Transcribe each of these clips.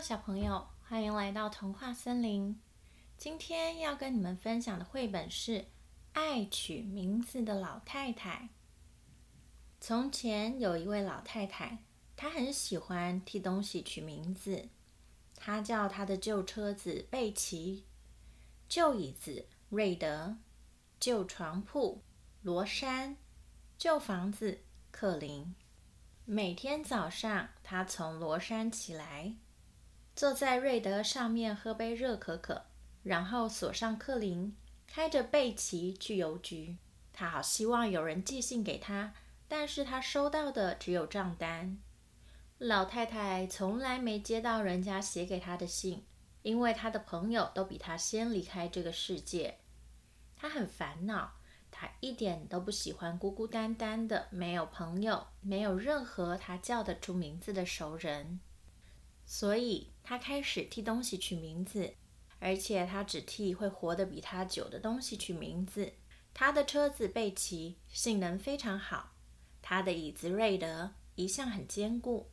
小朋友，歡迎來到童話森林。今天要跟你們分享的繪本是《愛取名字的老太太》。從前有一位老太太，她很喜歡替東西取名字。她叫她的舊車子貝奇，舊椅子瑞德，舊床鋪羅山，舊房子克林。每天早上，她從羅山起來。坐在瑞德上面喝杯熱可可，然後鎖上客林，開着貝奇去郵局。她好希望有人寄信給她，但是她收到的只有賬單。老太太從來沒接到人家寫給她的信，因為她的朋友都比她先離開這個世界。她很煩惱，她一點都不喜歡孤孤單單的，沒有朋友，沒有任何她叫得出名字的熟人。所以，他開始替東西取名字，而且他只替會活得比他久的東西取名字。他的車子背鰭性能非常好，他的椅子瑞德一向很堅固，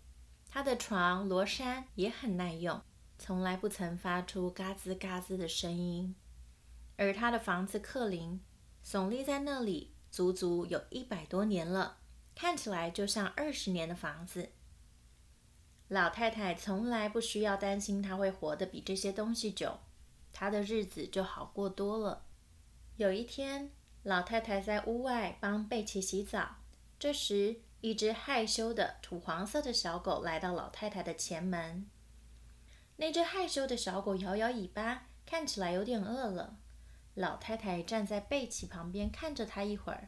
他的床羅山也很耐用，從來不曾發出嘎吱嘎吱的聲音。而他的房子克林聳立在那裡，足足有一百多年了，看起來就像二十年的房子。老太太從來不需要擔心她會活得比這些東西久，她的日子就好過多了。有一天，老太太在屋外幫貝奇洗澡，這時，一隻害羞的土黃色的小狗來到老太太的前門。那隻害羞的小狗搖搖尾巴，看起來有點餓了。老太太站在貝奇旁邊看着它一會兒，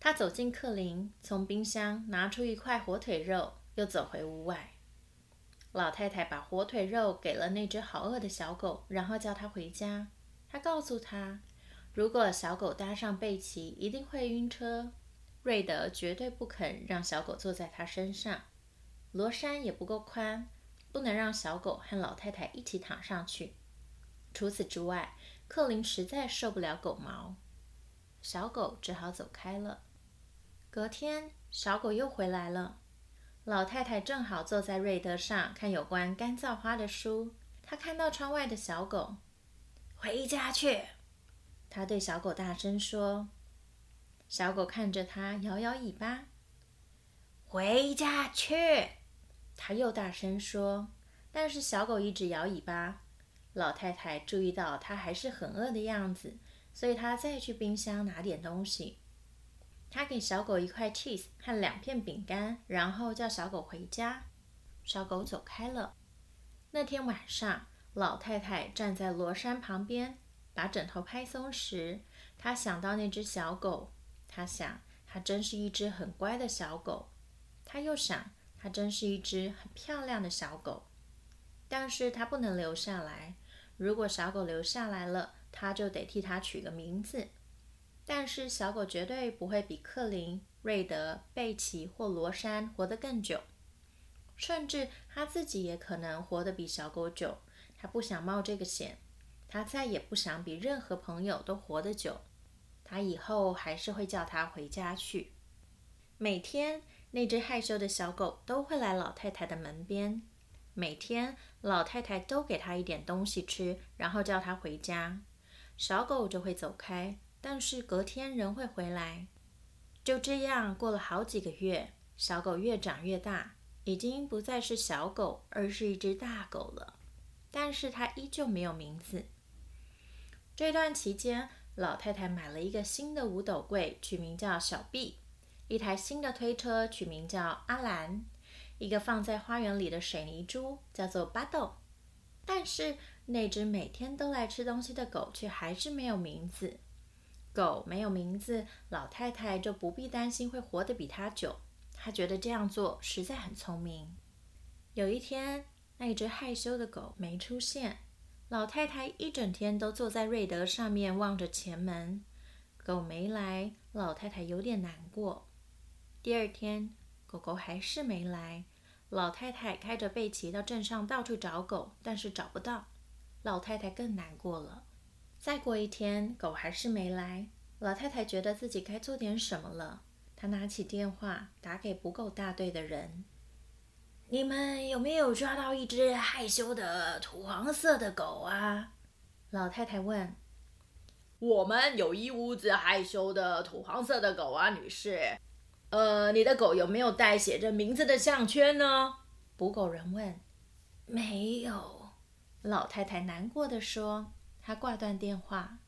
她走進客廳，從冰箱拿出一塊火腿肉，又走回屋外。老太太把火腿肉給了那只好餓的小狗，然後叫它回家。她告訴他，如果小狗搭上貝奇，一定會暈車。瑞德絕對不肯讓小狗坐在他身上。羅衫也不夠寬，不能讓小狗和老太太一起躺上去。除此之外，克林實在受不了狗毛，小狗只好走開了。隔天，小狗又回來了。老太太正好坐在瑞德上，看有關乾燥花的書。她看到窗外的小狗，回家去。她對小狗大聲說。小狗看着它，搖搖尾巴。回家去。她又大聲說。但是小狗一直搖尾巴。老太太注意到它，還是很餓的樣子，所以她再去冰箱拿點東西。他給小狗一塊 cheese 和兩片餅乾，然後叫小狗回家。小狗走開了。那天晚上，老太太站在羅山旁邊，把枕頭拍鬆時，她想到那隻小狗。她想，它真是一隻很乖的小狗。她又想，它真是一隻很漂亮的小狗。但是它不能留下來。如果小狗留下來了，她就得替它取個名字。但是小狗絕對不會比克林、瑞德、貝奇或羅珊活得更久，甚至他自己也可能活得比小狗久。他不想冒這個險，他再也不想比任何朋友都活得久。他以後還是會叫他回家去。每天那只害羞的小狗都會來老太太的門邊，每天老太太都給他一點東西吃，然後叫他回家，小狗就會走開。但是隔天仍會回來，就這樣過了好幾個月，小狗越長越大，已經不再是小狗，而是一隻大狗了。但是它依舊沒有名字。這段期間，老太太買了一個新的五斗櫃，取名叫小碧；一台新的推車，取名叫阿蘭；一個放在花園裡的水泥豬，叫做巴豆。但是那隻每天都來吃東西的狗，卻還是沒有名字。狗沒有名字，老太太就不必擔心會活得比它久。她覺得這樣做實在很聰明。有一天，那一隻害羞的狗沒出現，老太太一整天都坐在瑞德上面望着前門。狗沒來，老太太有點難過。第二天，狗狗還是沒來，老太太開着貝奇到鎮上到處找狗，但是找不到，老太太更難過了。再過一天，狗還是沒來。老太太覺得自己該做點什麼了。她拿起電話，打給捕狗大隊的人：“你們有沒有抓到一只害羞的土黃色的狗啊？”老太太問。“我們有一屋子害羞的土黃色的狗啊，女士。”“呃，你的狗有沒有帶寫着名字的項圈呢？”捕狗人問。“沒有。”老太太難過地說。他掛斷電話，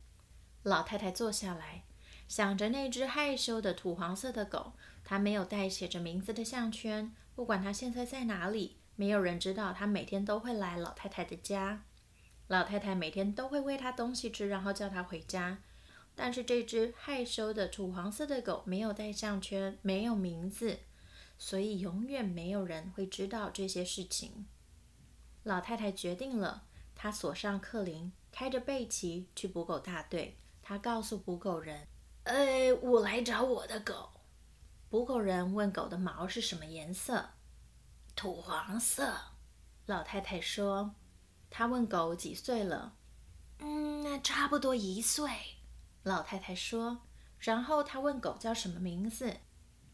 老太太坐下來，想着那隻害羞的土黃色的狗。他沒有戴寫着名字的項圈，不管它現在在哪裡，沒有人知道他每天都會來老太太的家。老太太每天都會餵它東西吃，然後叫它回家。但是這隻害羞的土黃色的狗沒有戴項圈，沒有名字，所以永遠沒有人會知道這些事情。老太太決定了，她鎖上克林開着貝奇去捕狗大隊，他告訴捕狗人：“呃、哎，我來找我的狗。”捕狗人問狗的毛是什麼顏色？土黃色。老太太說：“他問狗幾歲了，嗯，那差不多一歲。”老太太說，然後他問狗叫什麼名字。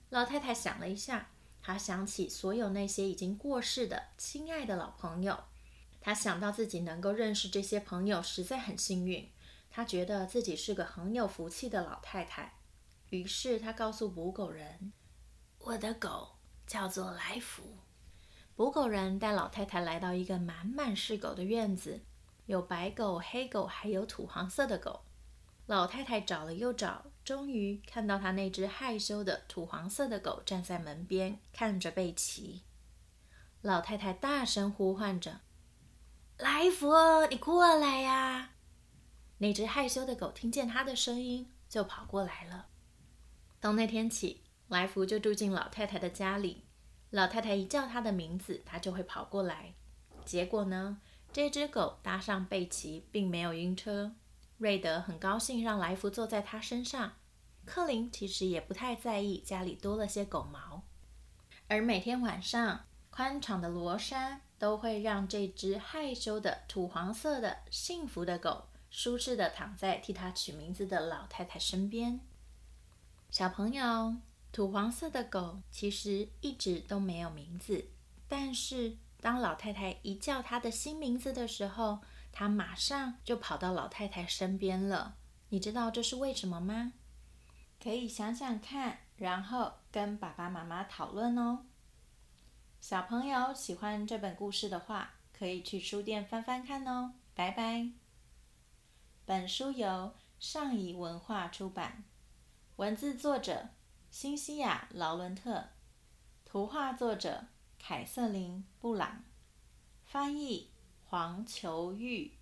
老太太想了一下，她想起所有那些已經過世的親愛的老朋友。他想到自己能夠認識這些朋友，實在很幸運。他覺得自己是個很有福氣的老太太。於是他告訴捕狗人：“我的狗叫做來福。”捕狗人帶老太太來到一個滿滿是狗的院子，有白狗、黑狗，還有土黃色的狗。老太太找了又找，終於看到她那隻害羞的土黃色的狗站在門邊看着貝奇。老太太大聲呼喚着。來福，你過來呀、啊！那只害羞的狗聽見他的聲音，就跑過來了。從那天起，來福就住進老太太的家裡。老太太一叫它的名字，它就會跑過來。結果呢，這只狗搭上貝奇，並沒有暈車。瑞德很高興讓來福坐在他身上。柯林其實也不太在意家裡多了些狗毛。而每天晚上，寬敞的羅山。都會讓這隻害羞的土黃色的幸福的狗舒適地躺在替它取名字的老太太身邊。小朋友，土黃色的狗其實一直都沒有名字，但是當老太太一叫它的新名字的時候，它馬上就跑到老太太身邊了。你知道這是為什麼嗎？可以想想看，然後跟爸爸媽媽討論哦。小朋友喜歡這本故事的話，可以去書店翻翻看哦，拜拜。本書由上誼文化出版，文字作者辛西亞·勞倫特，圖畫作者凱瑟琳·布朗，翻譯黃逎毓。